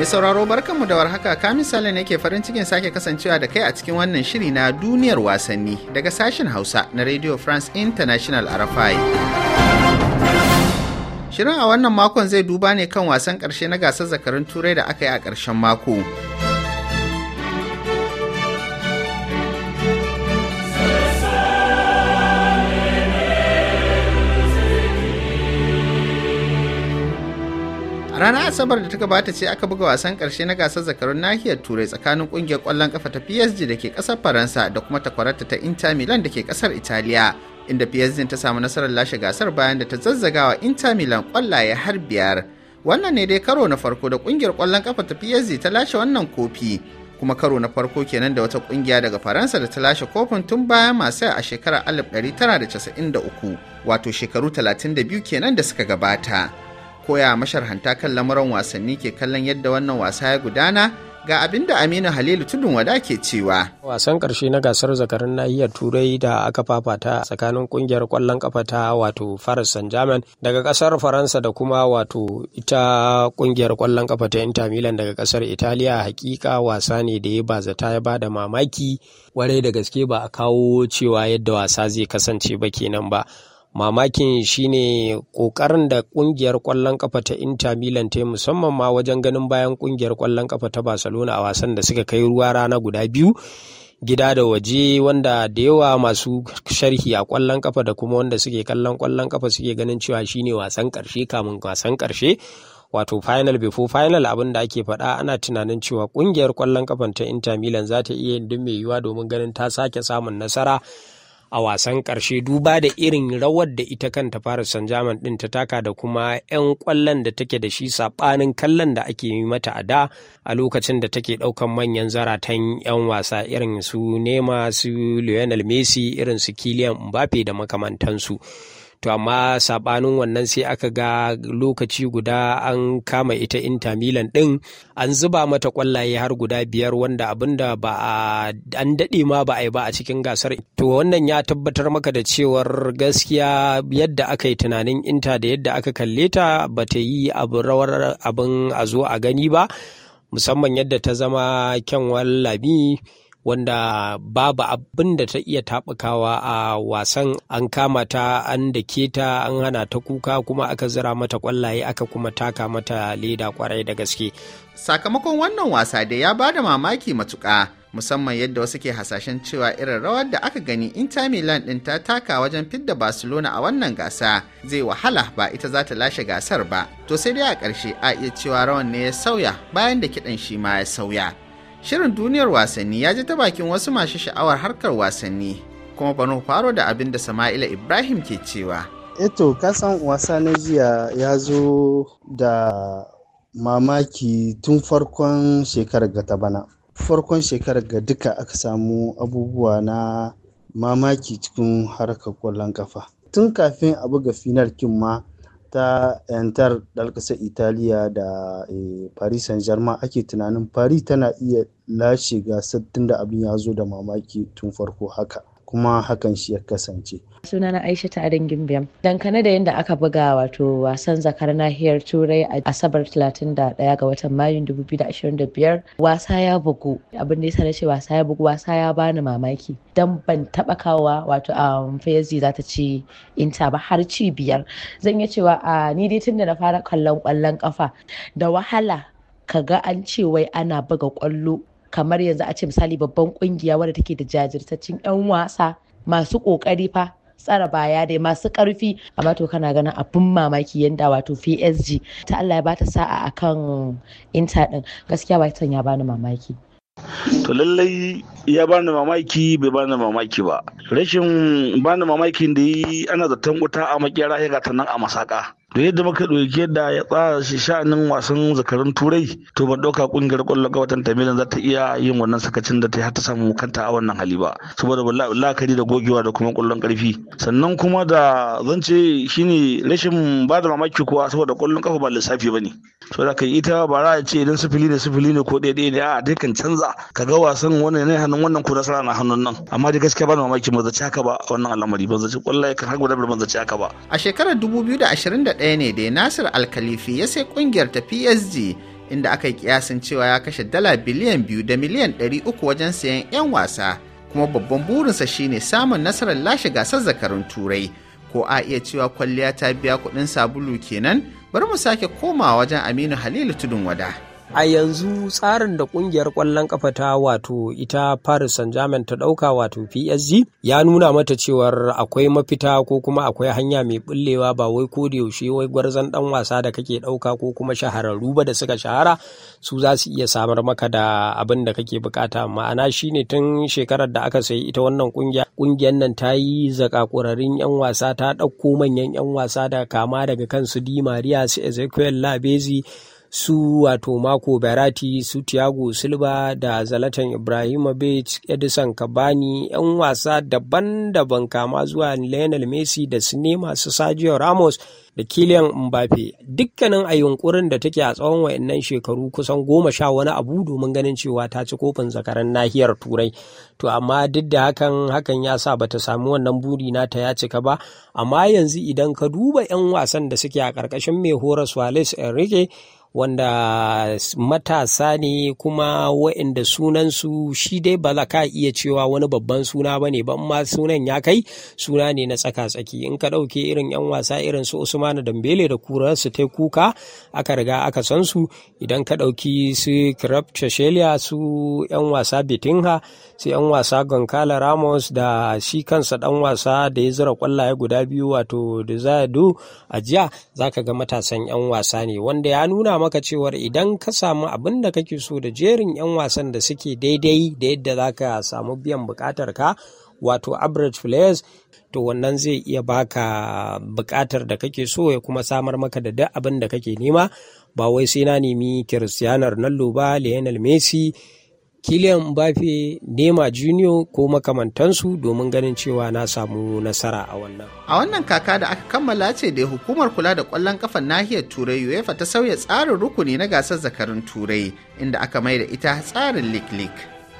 Mai sauraro barkan mu da warhaka kamin misali ne ke farin cikin sake kasancewa da kai a cikin wannan shiri na duniyar wasanni daga sashen Hausa na Radio France International RFI. Shirin a wannan makon zai duba ne kan wasan ƙarshe na gasar zakarun Turai da aka yi a ƙarshen mako. ranar asabar da ta gabata ce aka buga wasan karshe na gasar zakarun nahiyar turai tsakanin kungiyar kwallon kafa ta psg da ke kasar faransa da kuma takwararta ta inter milan da ke kasar italiya inda psg ta samu nasarar lashe gasar bayan da ta zazzagawa inter milan kwallaye har biyar wannan ne dai karo na farko da kungiyar kwallon kafa ta psg ta lashe wannan kofi kuma karo na farko kenan da wata kungiya daga faransa da ta lashe kofin tun bayan masu a shekarar 1993 wato shekaru 32 kenan da suka gabata koya masharhanta kan lamuran wasanni ke kallon yadda wannan wasa ya gudana ga abin da aminu halilu tudun wada ke cewa wasan karshe na gasar zakarin nahiyar turai da aka fafata tsakanin kungiyar kwallon kafa ta wato faris san daga kasar faransa da kuma wato ita kungiyar kwallon kafa ta inter milan daga kasar italiya hakika wasa ne da ya bazata ya bada mamaki warai da gaske ba a kawo cewa yadda wasa zai kasance ba kenan ba mamakin shine kokarin da kungiyar kwallon kafa ta Inter Milan ta musamman ma wajen ganin bayan kungiyar kwallon kafa ta Barcelona a wasan da suka kai ruwa rana guda biyu gida da waje wanda da yawa masu sharhi a kwallon kafa da kuma wanda suke kallon kwallon kafa suke ganin cewa shine wasan karshe kamun wasan karshe wato final before final abin da ake faɗa ana tunanin cewa kungiyar kwallon kafan ta Inter Milan za ta iya yin duk mai domin ganin ta sake samun nasara a wasan ƙarshe duba da irin rawar da ita kanta fara Saint-Germain ɗin ta taka da kuma 'yan ƙwallon da take da shi saɓanin kallon da ake yi mata a da a lokacin da take ɗaukan manyan zaratan 'yan wasa irin su nema su Lionel Messi irin su kiliyan Mbappe da makamantansu. to amma sabanin wannan sai aka ga lokaci guda an kama ita inter milan din an zuba mata kwallaye har guda biyar wanda abinda ba a an dade ma ba a ba a cikin gasar to wannan ya tabbatar maka da cewar gaskiya yadda aka yi tunanin inter da yadda aka kalle ta ba ta yi abu rawar abin a zo a gani ba musamman yadda ta zama kyanwar labi wanda babu abin da ta iya taɓukawa a wasan an kama ta an da ta an hana ta kuka kuma aka zira mata kwallaye aka kuma taka mata leda kwarai da gaske sakamakon wannan wasa da ya ba da mamaki matuƙa musamman yadda wasu ke hasashen cewa irin rawar da aka gani Inter Milan ɗin ta taka wajen fidda Barcelona a wannan gasa zai wahala ba ita za ta lashe gasar ba. To sai dai a ƙarshe a iya cewa rawan ne ya sauya bayan da kiɗan shi ma ya sauya. Shirin duniyar wasanni ya ji ta bakin wasu masu sha'awar harkar wasanni kuma bano faro da abin da Sama'ila Ibrahim ke cewa. Eto eh kasan wasa na jiya ya zo da mamaki tun farkon shekarar ga bana. Farkon shekarar ga duka aka samu abubuwa na mamaki cikin harkar kwallon kafa. Tun kafin a buga finar kin ma ta yantar ƙasar italiya da eh, paris saint germain ake tunanin paris tana iya lashe gasar tunda abin ya zo da mamaki tun farko haka kuma hakan shi ya kasance. sunana aisha tarin gimbiyam dankane da yadda aka buga wato wasan zakar nahiyar turai a asabar 31 ga watan mayun 2025 wasa ya bugu abin da ya na ce wasa ya bugu wasa ya bani mamaki dan ban taba kawowa wato a um, fayazi za ta ci inta ba har ci biyar zan yi cewa a ni dai tun da na fara kallon kwallon kafa da wahala ka ga an ce wai ana buga kwallo kamar yanzu a ce misali babban kungiya wadda take da jajirtaccen 'yan wasa masu kokari fa tsara baya dai masu karfi amma to kana ganin abin mamaki yanda wato PSG ta Allah ya bata sa'a akan Inter din gaskiya Brighton ya bani mamaki to lallai ya bani mamaki bai bani mamaki ba rashin bani mamakin da yi ana zaton wuta a makera ya gata nan a masaka da yadda muka ɗauki yadda ya tsara shi sha'anin wasan zakarun turai to ban ɗauka ƙungiyar ƙwallon ga watan tamilan za ta iya yin wannan sakacin da ta har ta samu kanta a wannan hali ba saboda la'akari da gogewa da kuma ƙwallon ƙarfi sannan kuma da zan ce ne rashin ba da mamaki kuwa saboda ƙwallon ƙafa ba lissafi ba ne saboda kai ita ba za a ce idan sifili ne sifili ne ko ɗaya ɗaya ne a dai kan canza ka ga wasan wannan ne hannun wannan ko nasara na hannun nan amma dai gaskiya ba da mamaki ba zaci haka ba wannan al'amari ba zaci ya kan har ba zaci haka ba a shekarar 2021 ɗaya ne dai Nasir Alkalifi ya sai ƙungiyar ta PSG inda aka yi kiyasin cewa ya kashe dala biliyan biyu da miliyan ɗari uku wajen sayan 'yan wasa kuma babban burinsa shine samun nasarar lashe gasar zakarun turai ko a iya cewa kwalliya ta biya kuɗin sabulu kenan bari mu sake komawa wajen Aminu Halilu Tudun Wada. a yanzu tsarin da kungiyar kwallon kafa ta wato ita paris saint germain ta dauka wato psg ya nuna mata cewar akwai mafita ko kuma akwai hanya mai bullewa ba wai ko da yaushe wai gwarzon dan wasa da kake dauka ko kuma shahararru ba da suka shahara su za su iya samar maka da abin da kake bukata ma'ana shine tun shekarar da aka sayi ita wannan kungiya kungiyar nan ta yi zakakurarin yan wasa ta dauko manyan yan wasa da kama daga kansu di maria su ezekiel labezi su wato mako berati su tiago silva da zalatan ibrahimovic edison kabani yan wasa daban-daban kama zuwa lionel messi da sinema su sergio ramos da kilian mbappe dukkanin a yunkurin da take a tsawon wayannan shekaru kusan goma sha wani abu domin ganin cewa ta ci kofin zakaran nahiyar turai to amma duk da hakan hakan ya sa bata sami wannan buri ta ya cika ba amma yanzu idan ka duba 'yan wasan da suke a ƙarƙashin mai horaswa les enrique wanda matasa ne kuma waɗanda sunansu shi dai ba za ka iya cewa wani babban suna ba ne ba ma sunan ya kai suna ne na tsaka-tsaki in ka ɗauke irin 'yan wasa irin su usmanu dambele da kurarsu ta kuka aka riga aka san su idan ka ɗauki su krab chashelia su 'yan wasa bitinha su 'yan wasa goncala ramos da shi kansa ɗan wasa da ya zira kwallaye guda biyu wato da a jiya za ka ga matasan 'yan wasa ne wanda ya nuna maka cewar idan ka samu abin da kake so da jerin 'yan wasan da suke daidai da yadda za ka samu biyan bukatar ka wato average players to wannan zai iya baka bukatar da kake so ya kuma samar maka da duk abin da kake nema ba wai sai na nemi cristiano ronaldo ba lionel messi kiliyan Mbappe, Nema Junior ko makamantansu domin ganin cewa na samu nasara a wannan. A wannan kaka da aka kammala ce da hukumar kula da kwallon kafan nahiyar Turai UEFA ta sauya tsarin rukuni na gasar Zakarin Turai inda aka mai da ita tsarin lik-lik.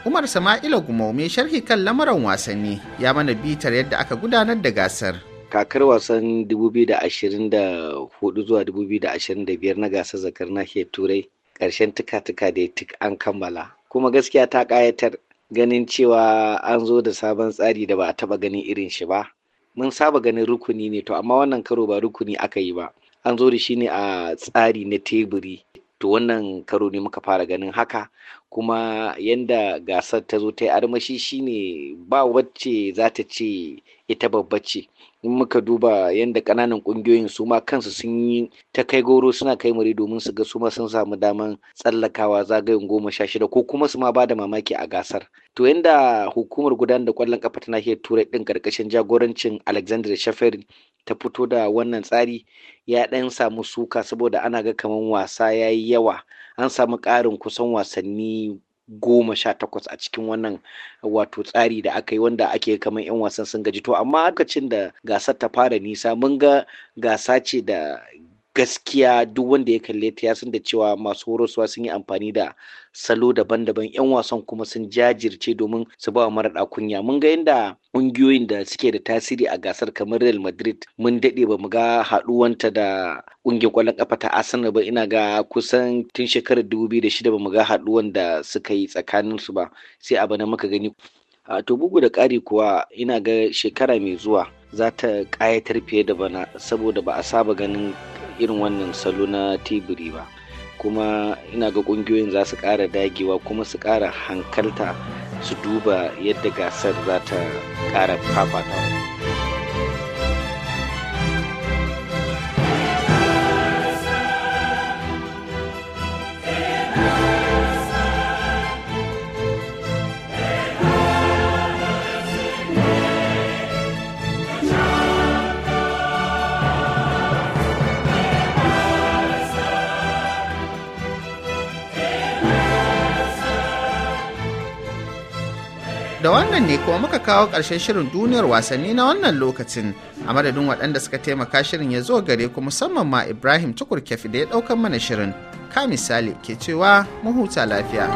Umar Sama'ila Gumau mai sharhi kan lamarin wasanni ya mana bitar yadda aka gudanar da gasar. kakar wasan 2024 zuwa 2025 na gasar zakar nahiyar turai ƙarshen tuka-tuka da tuk an kammala kuma gaskiya ta ƙayatar ganin cewa an zo da sabon tsari da ba a taɓa ganin irin shi ba mun saba ganin rukuni ne to amma wannan karo ba rukuni aka yi ba an zo da shi ne a tsari na teburi to wannan karo ne muka fara ganin haka kuma yanda gasar ta zo ta yi armashi shine ba wacce za ta ce ita babba ce in muka duba yadda kananan ƙungiyoyin su ma kansu sun yi ta kai goro suna kai mure domin su ga su ma sun samu daman tsallakawa zagayen goma sha shida ko kuma su ma ba da mamaki a gasar to yadda hukumar gudanar da ƙwallon ƙafa ta nahiyar turai ɗin ƙarƙashin jagorancin alexander shafer ta fito da wannan tsari ya ɗan samu suka saboda ana ga kamar wasa ya yi yawa an samu ƙarin kusan wasanni goma sha takwas a cikin wannan wato tsari da aka yi wanda ake kamar 'yan wasan sun gaji to amma lokacin da gasar ta fara nisa mun ga gasa ce da gaskiya duk wanda ya kalle ta ya san da cewa masu horaswa sun yi amfani da salo daban-daban yan wasan kuma sun jajirce domin su ba wa mara kunya mun ga yadda ƙungiyoyin da suke da tasiri a gasar kamar Real Madrid mun daɗe ba mu ga haɗuwanta da ƙungiyar ƙwallon ƙafa ta Arsenal ba ina ga kusan tun shekarar 2006 ba mu ga haɗuwan da suka yi tsakanin su ba sai a bana muka gani a to bugu da ƙari kuwa ina ga shekara mai zuwa za ta ƙayatar fiye da bana saboda ba a saba ganin irin wannan salo na tiburi ba kuma ina ga kungiyoyin za su ƙara dagewa kuma su ƙara hankalta su duba yadda gasar za ta ƙara fafatawa wannan ne kuma muka kawo ƙarshen shirin duniyar wasanni na wannan lokacin a madadin waɗanda suka taimaka shirin ya zo gare ku musamman ma ibrahim tukur kefi da ya ɗaukan mana shirin ka misali ke cewa mu huta lafiya